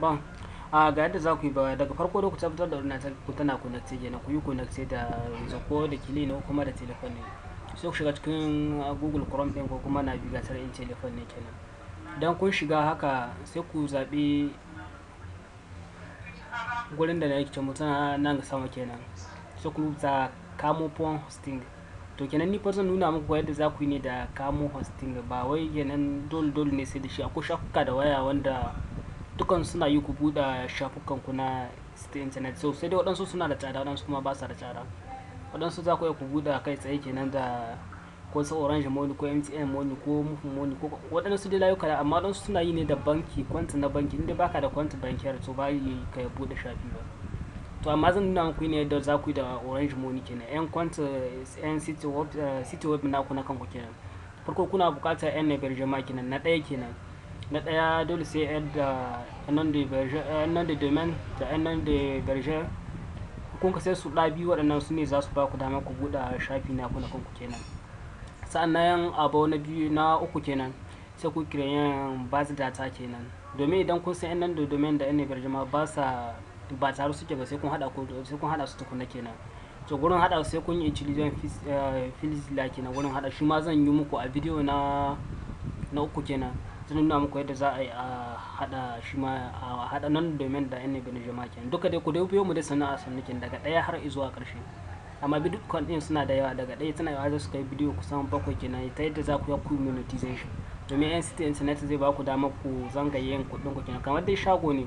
Bon, a ga yadda za ku yi ba daga farko da ku tabbatar da ordinator ku tana connected kenan ku yi connected da zako da kili ne kuma da telefon ne. Sai ku shiga cikin uh, Google Chrome ɗin ko kuma navigator in telefon ne kenan. Dan kun shiga haka sai ku zaɓi gurin da na yake mutum nan ga sama kenan. Sai ku rubuta kamo phone hosting. to kenan ni fa nuna muku yadda za ku yi ne da kamo hosting ba wai kenan dole dole ne sai da shi akwai shafuka da waya wanda dukan suna yi ku buɗe shafukan ku na internet so sai dai waɗansu suna da tsada waɗansu kuma ba su da tsada waɗansu za ku iya ku buɗe kai tsaye kenan da ko sa orange money ko mtn money ko mufin money ko waɗansu dai layuka amma waɗansu suna yi ne da banki kwanti na banki inda baka da kwanta bankiyar to ba yi ka buɗe shafi ba to amma zan nuna muku ne yadda za ku yi da orange money kenan yan kwanti yan eh, city web na ku na kanku kenan farko kuna buƙatar yan na jama'a kenan na ɗaya kenan na ɗaya dole sai yadda nan eh, da domin da nan da berger kun ka sai su ɗabi biyu waɗannan su ne za su ba ku dama ku buɗe shafi na kuna kanku kenan sa'annan abu na biyu na uku kenan sai ku kiran base data kenan domin idan kun san nan da domin da yan berger ma ba sa ba tare suke ba sai kun haɗa sai kun su tukuna kenan to gurin haɗa sai kun yi chilizion eh, filizila kenan gurin haɗa shi ma zan yi muku a bidiyo na na uku kenan zan na muku yadda za a yi a hada shi ma a hada nan domin da yana bin jama'a kenan duka dai ku dai biyo mu dai sana'a sannukin daga daya har zuwa karshe amma bitcoin din suna da yawa daga daya tana yawa za su kai bidiyo kusan bakwai kenan ta yadda za ku yi ku monetization domin nct internet zai ba ku damar ku zanga zangayen kuɗin ku kenan kamar dai shago ne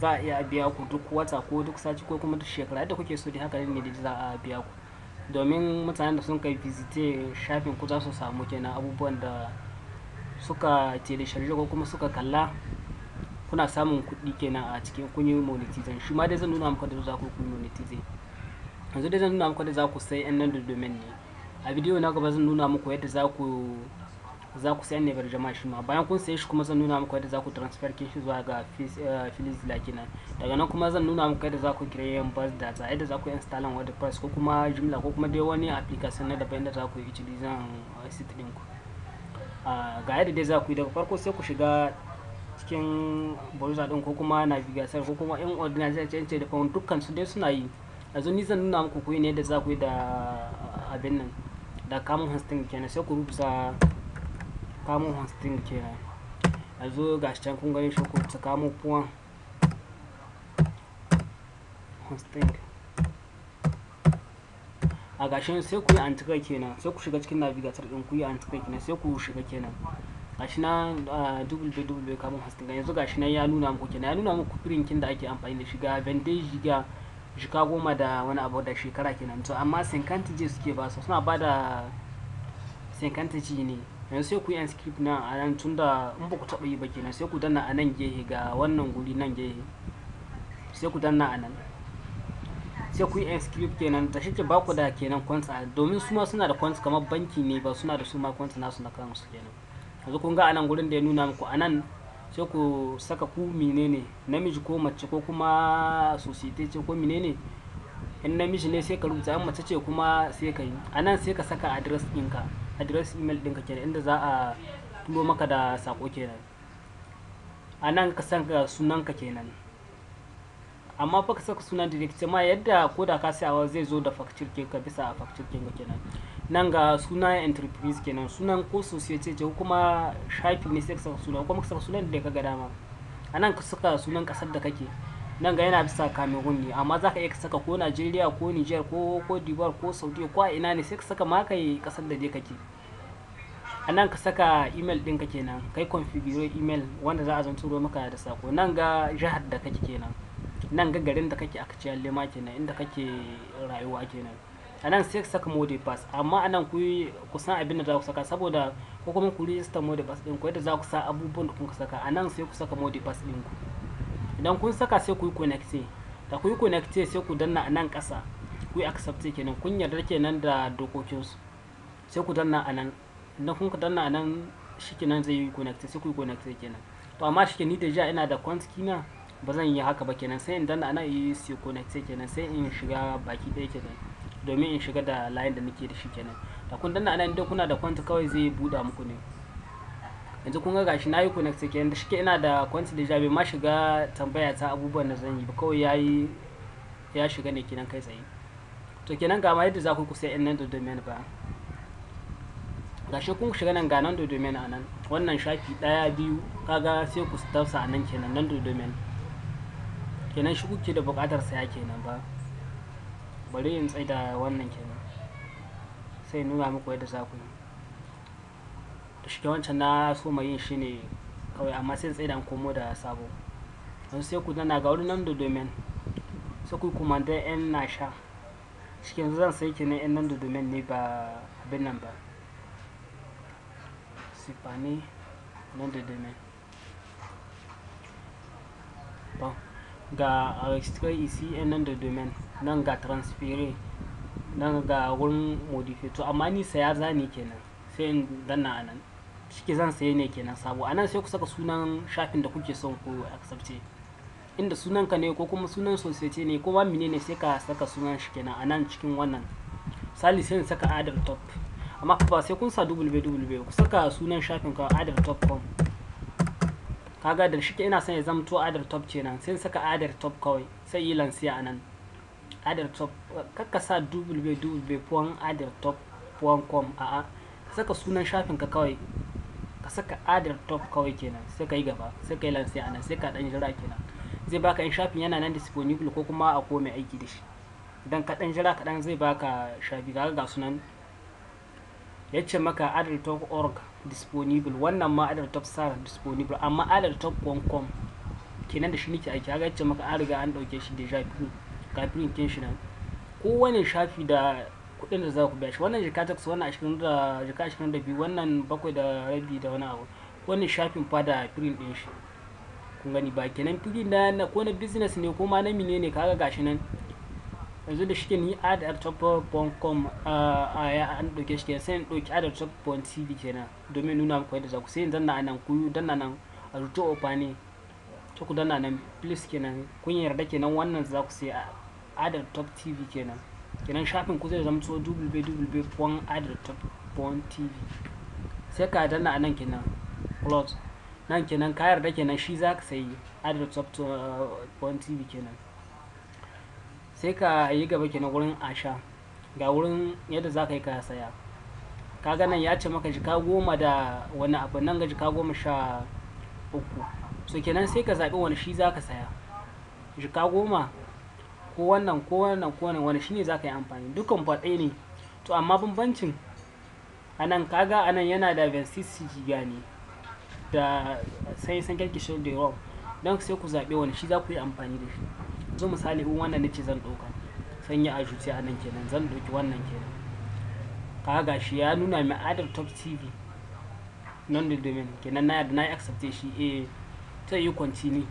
za a iya biya ku duk wata ko duk sati ko kuma duk shekara yadda kuke so dai haka ne da za a biya ku domin mutanen da sun kai bizite shafin ku za su samu kenan abubuwan da suka telisharje ko kuma suka kalla kuna samun kuɗi kenan a cikin kun yi shi ma dai zan nuna muku da za ku kunyi monetization yanzu dai zan nuna muku da za ku sai nan da domain ne a bidiyo na gaba zan nuna muku yadda za ku za ku sayan ne bar jama'a shi ma bayan kun saye shi kuma zan nuna muku yadda za ku transfer kin shi zuwa ga eh, Filizilla lakina daga nan kuma zan nuna muku yadda za ku create bus data yadda za ku installan WordPress ko kuma Joomla ko kuma dai wani application na daban da za ku yi utilizan site ɗinku. ku ga yadda dai za ku yi daga farko sai ku shiga cikin borusa din ko kuma navigator ko kuma in ordinary change da phone dukkan su dai suna yi yanzu ni zan nuna muku kuyi ne da za ku yi da abin nan da kamun hosting kenan sai ku rubuta kamun hosting kenan yanzu ga shi can kun gani shi ku rubuta kamun puan hosting a gashin sai ku yi antika kenan sai ku shiga cikin navigator din ku yi antika kenan sai ku shiga kenan gashi na www carbon hastin ga yanzu gashi nan ya nuna muku kenan ya nuna muku kin da ake amfani da shiga vendage ga shika goma da wani abu da shekara kenan to amma sinkantaji suke ba su suna ba da sinkantaji ne yanzu sai ku yi script na a nan tunda in ba ku taɓa yi ba kenan sai ku danna a nan gehe ga wannan guri nan gehe sai ku danna a nan sai ku yi inscribe kenan da shi ba ku da kenan kwansa domin su ma suna da kwansa kamar banki ne ba suna da su ma kwansa nasu na kansu kenan yanzu kun ga anan gurin da ya nuna muku anan sai ku saka ku menene namiji ko mace ko kuma society ce ko menene in namiji ne sai ka rubuta an mace ce kuma sai ka yi anan sai ka saka address ɗinka address email ɗinka kenan inda za a tulo maka da sako kenan anan ka sunan sunanka kenan amma fa ka saka sunan direct ma yadda ko da ka sayawa zai zo da facture ke ka bisa facture ke kenan nan ga sunan enterprise kenan sunan ko society ce kuma shafi ne sai ka saka sunan kuma ka saka sunan da ka ga dama a nan ka saka sunan kasar da kake nan ga yana bisa cameroon ne amma za ka iya saka ko nigeria ko niger ko ko d'ivoire ko saudi ko a ina ne sai ka saka ma kai kasar da dai kake a nan ka saka email ɗinka kenan kai configure email wanda za a zan maka da sako nan ga jihar da kake kenan nan ga garin da kake aka ce lema kenan inda kake rayuwa kenan a nan sai saka mode pass amma a nan ku san abin da za ku saka saboda ko kuma ku register mode pass din ku yadda za ku sa abubuwan da kun saka a nan sai ku saka mode pass din ku idan kun saka sai ku yi connecting da ku yi connecting sai ku danna a nan ƙasa ku yi accept kenan kun yarda kenan da dokokinsu sai ku danna a nan idan kun ka danna a nan shi kenan zai yi connect sai ku yi connecting kenan to amma shi ke ni da ja ina da kwanski na ba zan yi haka ba kenan sai in danna ana yi su connect sai kenan sai in shiga baki ɗaya kenan domin in shiga da layin da nake da shi kenan da kun danna ana inda kuna da kwanta kawai zai buɗa muku ne yanzu kun ga gashi na yi connect kenan da shike ina da kwanta da jabe ma shiga tambaya ta abubuwan da zan yi ba kawai ya yi ya shiga ne kenan kai tsaye to kenan ga ma yadda za ku kusa yan nan da domain ba gashi kun shiga nan ga nan da domain a nan wannan shafi ɗaya biyu kaga sai ku tafsa a nan kenan nan da domain kenan shi kuke da buƙatar saya kenan ba bari in tsaida wannan kenan sai nuna muku yadda za ku yi da shi wancan na so mai yin shi ne kawai amma sai tsaida an komo da sabo don sai ku dana ga wurin nan da domin sai ku kuma da yan na sha shi yanzu zan sai kenan yan nan da domin ne ba abin nan ba sifani nan da domin Bom. ga ici ECN nan da domaine nan ga transférer nan ga wurin modifier to amma ni saya zani kenan sai in danna anan. shike zan sai ne kenan sabo a nan sai ku saka sunan shafin da kuke son ku accept inda sunan ka ne ko kuma sunan society ne ko ma menene sai ka saka sunan shi kenan a nan cikin wannan misali sai in saka adal top amma ba sai kun sa www ku saka sunan shafin ka adal top com kaga da shi ke ina son ya zamto adar top kenan sai saka adar top kawai sai yi lansiya a nan adar top kakka sa www.adartop.com a ka saka sunan shafin ka kawai ka saka adar top kawai kenan sai ka yi gaba sai ka yi lansiya a nan sai ka dan jira kenan zai baka in shafin yana nan disponible ko kuma a ko mai aiki da shi idan ka dan jira kaɗan zai baka shafi ga ga sunan ya ce maka adult.org disponible wannan ma adult star disponible amma adult.com kenan da shi nake aiki haka ya ce maka an riga an dauke shi deja vu kafin intentional wani shafi da kudin da za ku biya shi wannan jika tax wannan ashirin da jika da biyu wannan bakwai da rabi da wani abu wannan shafin fa da firin din shi kun gani ba kenan firin na ko na business ne ko ma na mine ne kaga gashi nan yanzu da shike ni adar top.com a ya an doke shi kenan sai in ɗauki adar kenan domin nuna muku yadda za ku sai in danna nan ku danna nan a rubuta ne to ku danna nan please kenan kun yarda kenan wannan za ku sai adar top kenan kenan shafin ku zai zama www.adartop.tv sai ka danna a nan kenan close nan kenan ka yarda kenan shi za ka sayi addertop.tv ah, kenan sai ka yi gaba kenan wurin asha ga wurin yadda za ka yi ka saya ka nan ya ce maka jika goma da wani abu nan ga jika goma sha uku so kenan sai ka zaɓi wani shi za ka saya jika goma ko wannan ko wannan ko wannan wani ne za ka yi amfani dukkan faɗe ne to amma bambancin a nan kaga a nan yana da vincis giga da sai san kyarkishin da yawa don sai ku zaɓi wani shi za ku yi amfani da shi yanzu misali in wannan nace zan ɗauka sanya a zuciya a nan kenan zan ɗauki wannan kenan ga shi ya nuna mai adar top tv non the domain kenan na yadda na yi accepte shi eh ta yi continue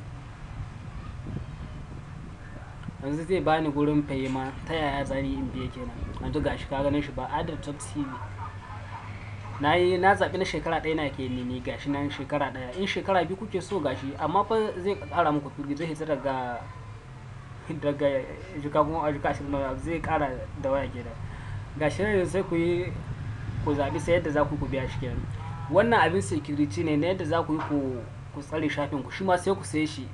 yanzu zai bani gurin ma ta yaya zani in biya kenan yanzu gashi ka ganin shi ba adar top tv na yi na zaɓi na shekara ɗaya na ke nini gashi nan shekara ɗaya in shekara biyu kuke so gashi amma fa zai ƙara muku fili zai hitar daga daga jika goma a jika zai kara da waya kenan ga shirin sai ku yi ku zaɓi sai yadda za ku biya shi kenan wannan abin security ne na yadda za ku yi ku tsare shafin ku shi ma sai ku saye shi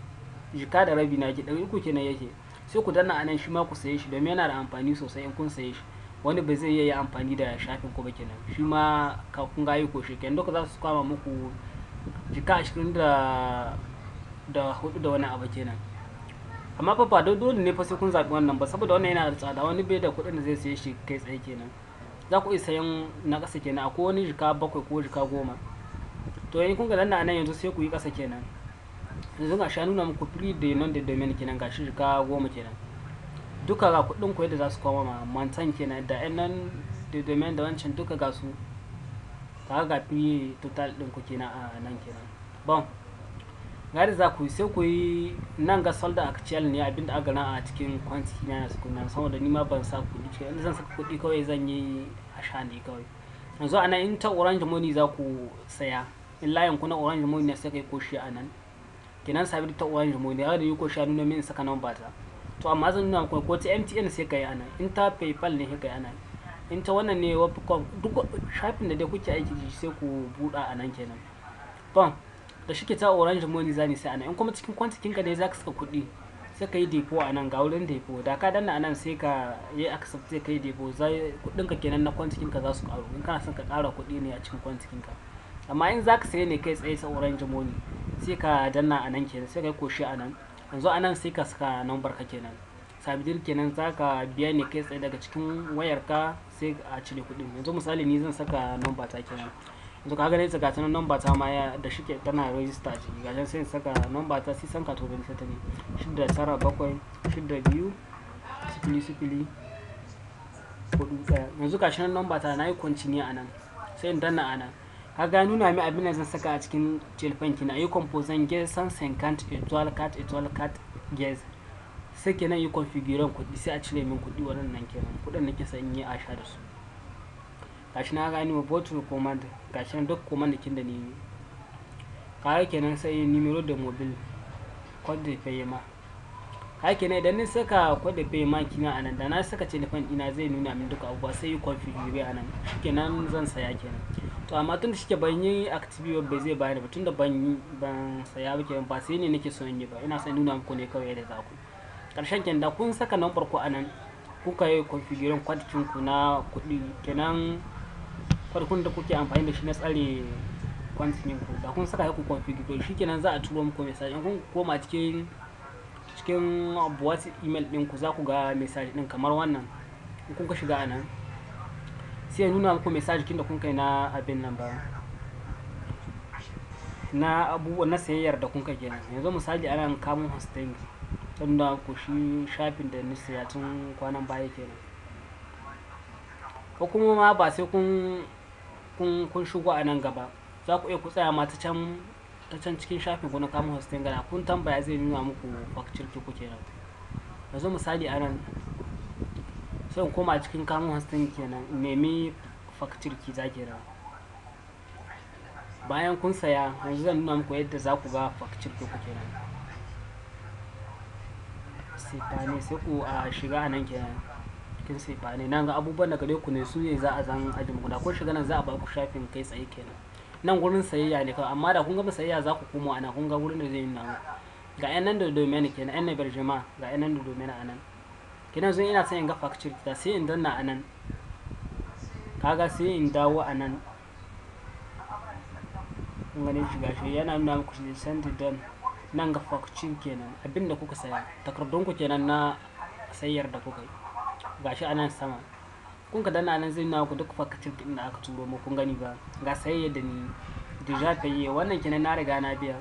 jika da rabi na ke ɗari uku kenan yake sai ku danna anan shi ma ku saye shi domin yana da amfani sosai in kun saye shi wani ba zai iya amfani da shafin ku ba kenan shi ma ka kun yi ko shi kenan duka za su kama muku jika ashirin da da hudu da wani abu kenan amma fa ba dole ne fa sai kun zabi wannan ba saboda wannan yana da tsada wani bai da kuɗin da zai saye shi kai tsaye kenan za ku iya sayan na ƙasa kenan akwai wani jika bakwai ko jika goma to in kun ga nan nan yanzu sai ku yi ƙasa kenan yanzu ga sha nuna muku free day non day domain kenan ga shi jika goma kenan duka ga kuɗin ku yadda za su koma ma mantan kenan da yan nan da domain da wancan duka ga su ka ga free total ɗin ku kenan a nan kenan bon gari za ku yi sai ku yi nan ga solda a ciyal ne abinda aka gana a cikin kwanci na na sukuna saboda ni ma ban sa kuɗi ce yanzu zan saka kuɗi kawai zan yi a ne kawai yanzu ana in ta orange money za ku saya in layin ku na orange money ne sai kai ko shi a nan kenan sabi ta orange money har da yi ko shi a nuna min saka nan ba ta to amma zan nuna ku ko ta mtn sai kai a nan in ta paypal ne sai kai a nan in ta wannan ne wapcom duk shafin da dai kuke aiki sai ku buɗa a nan kenan bon da shi ke ta orange money zani sai anan in kuma cikin kwantikin ka ne za ka saka kuɗi sai ka yi depo a nan ga wurin depo da ka danna a nan sai ka yi accept sai ka yi depo kuɗin ka kenan na kwantikin ka za su ƙaru in kana son ka ƙara kuɗi ne a cikin kwantikin ka amma in za ka saye ne kai tsaye ta orange money sai ka danna a nan kenan sai ka yi koshi a nan yanzu a nan sai ka saka number ka kenan sabidin kenan za ka biya ne kai tsaye daga cikin wayar ka sai a cire kuɗin yanzu misali ni zan saka number ta kenan to kaga dai tsaka tana number ta ma ya da shike tana register a ciki gashin sai saka number ta sai sanka to bin ta ne 6 tara 7 2 sifili sifili hudu daya yanzu ga shan number ta na yi kwancini a nan sai in danna a nan kaga ya nuna min abin da zan saka a cikin jelfan na yi composan gas san senkant etual cat etual cat gas sai kenan yi configuran kuɗi sai a cire min kuɗi waɗannan kenan kuɗin nake san yi a sha da su gashi na gani bottle command gashi nan duk command kin da ni kare kenan sai numero da mobile code da payma haka kenan idan ni saka code da payma kina anan da na saka telefon ina zai nuna min duka abubuwa sai yi configure anan kenan zan saya kenan to amma tun da shike ban yi active ba zai bayar ba tun da ban ban saya ba kenan ba sai ne nake so in yi ba ina son nuna muku ne kawai da za ku karshen kenan da kun saka number ku anan kuka yi configure kwadikin ku na kuɗi kenan farkon da kuke amfani da shi na tsare kwantinin ku da kun saka ku config to shikenan za a turo muku message kun koma cikin cikin buwati email din ku za ku ga message din kamar wannan kun ka shiga anan sai nuna muku message kin da kun kai na abin nan ba na abubuwan na sayayyar da kun kai kenan yanzu misali ana kamun hosting tunda ku shi shafin da ni saya tun kwanan baya kenan ko kuma ma ba sai kun kun shigo a nan gaba za ku iya ku tsaya ma ta can cikin shafin ku na kamun gana kun tambaya zai nuna muku facture ku kenan yanzu misali a nan sai in a cikin kamun hostin kenan nemi facture ki za kenan bayan kun saya yanzu zan nuna muku yadda za ku ga facture ku kenan sai ku a shiga a nan kenan kin sai ba ne nan ga abubuwan da gare ku ne su ne za a zan ajin guda ko shiga nan za a ba ku shafin kai tsaye kenan nan gurin sayayya ne kawai amma da kun ga sayayya za ku komo ana kun ga gurin da zai nuna ga yan nan da domain kenan yan nabar jama'a ga yan nan da domain a nan kina zo ina son in ga facture ta sai in danna a nan kaga sai in dawo a nan kun gane shiga shi yana nuna muku shi send done nan ga facture kenan abinda kuka saya takardun ku kenan na sayar da kuka yi gashi anan sama kun ka danna nan zai nuna ku duk fakatif din da aka turo mu kun gani ba ga sai da ni deja paye wannan kenan na riga na biya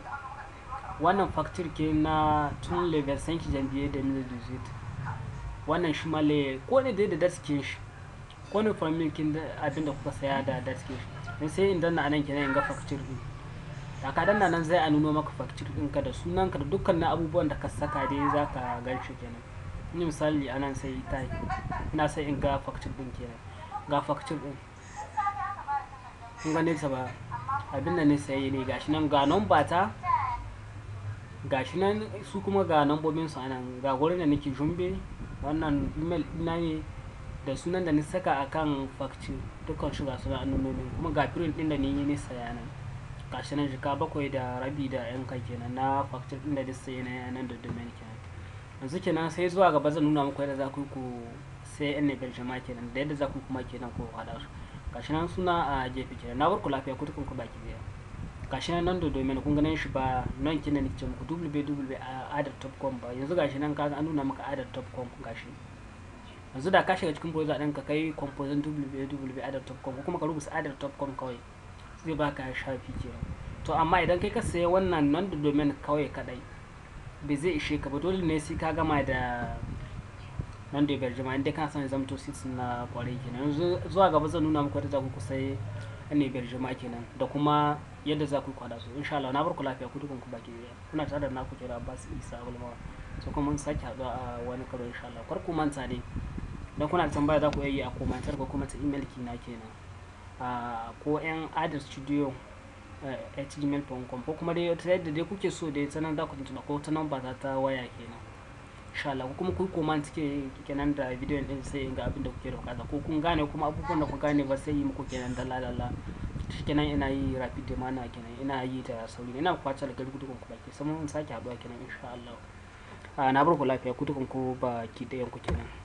wannan factor ke na tun level sanki janvier 2018 wannan shi male ko ne dai da daskin shi ko ne famin kin abin da kuka saya da daskin shi dan sai in danna anan kenan in ga factor din da ka danna nan zai a nuno maka din ka da ka da dukkan abubuwan da ka saka dai zaka gan shi kenan ni misali anan sai tai ina sai in ga factor din kenan ga factor din kun ga nesa ba abin da nesa yi ne gashi nan ga number ta gashi nan su kuma ga min su anan ga gurin da nake jumbe wannan email ina ne da sunan da ni saka akan factor dukkan su ga sunan annonomin kuma ga print din da ni yi nesa yanan gashi nan jika bakwai da rabi da yanka kenan na factor din da nesa yana yanan da domain kenan yanzu kenan sai zuwa gaba zan nuna muku yadda za ku ku sai yan nagar ma kenan da yadda za ku kuma kenan ko hada su gashi nan suna a jefi kenan na barku lafiya ku tukun ku baki biya gashi nan nan domin kun ganin shi ba nan kina ne ce muku www e adar topcom ba yanzu gashi nan ka an nuna muku adar topcom gashi yanzu da ka shiga cikin browser ɗin ka kai composin www e adar top ko kuma ka rubuta adar topcom kawai zai baka shafi kenan to amma idan kai ka sayi wannan nan domain kawai kadai bai zai ishe ka ba dole ne sai ka gama da nan da bai jama'a inda kana son zamto sits na kwarai kenan yanzu zuwa gaba zan nuna muku yadda za ku kusai nan da biyar jama'a kenan da kuma yadda za ku kwada su insha Allah na bar ku lafiya ku dukan ku baki kuna tare da naku jira Abbas Isa Abulmawa so kuma mun sake haɗuwa a wani karo insha Allah kar ku manta ne dan kuna da tambaya za ku yi a komantar ko kuma ta email kina kenan a ko yan adres studio Eh, at gmail.com ko kuma dai ta yadda dai kuke so dai ta nan za ku tuntuna ko ta nan za ta waya kenan insha Allah ko kuma ku comment ke kenan da bidiyon din sai ga abin da kuke da kaza ko kun gane kuma abubuwan da ku gane ba sai yi muku kenan da lalala kenan ina yi rapid mana kenan ina yi ta sauri ina kwace da gargudu ku baki sai mun sake haɗuwa kenan insha Allah ah, na bar ku lafiya ku dukan ku baki da ku kenan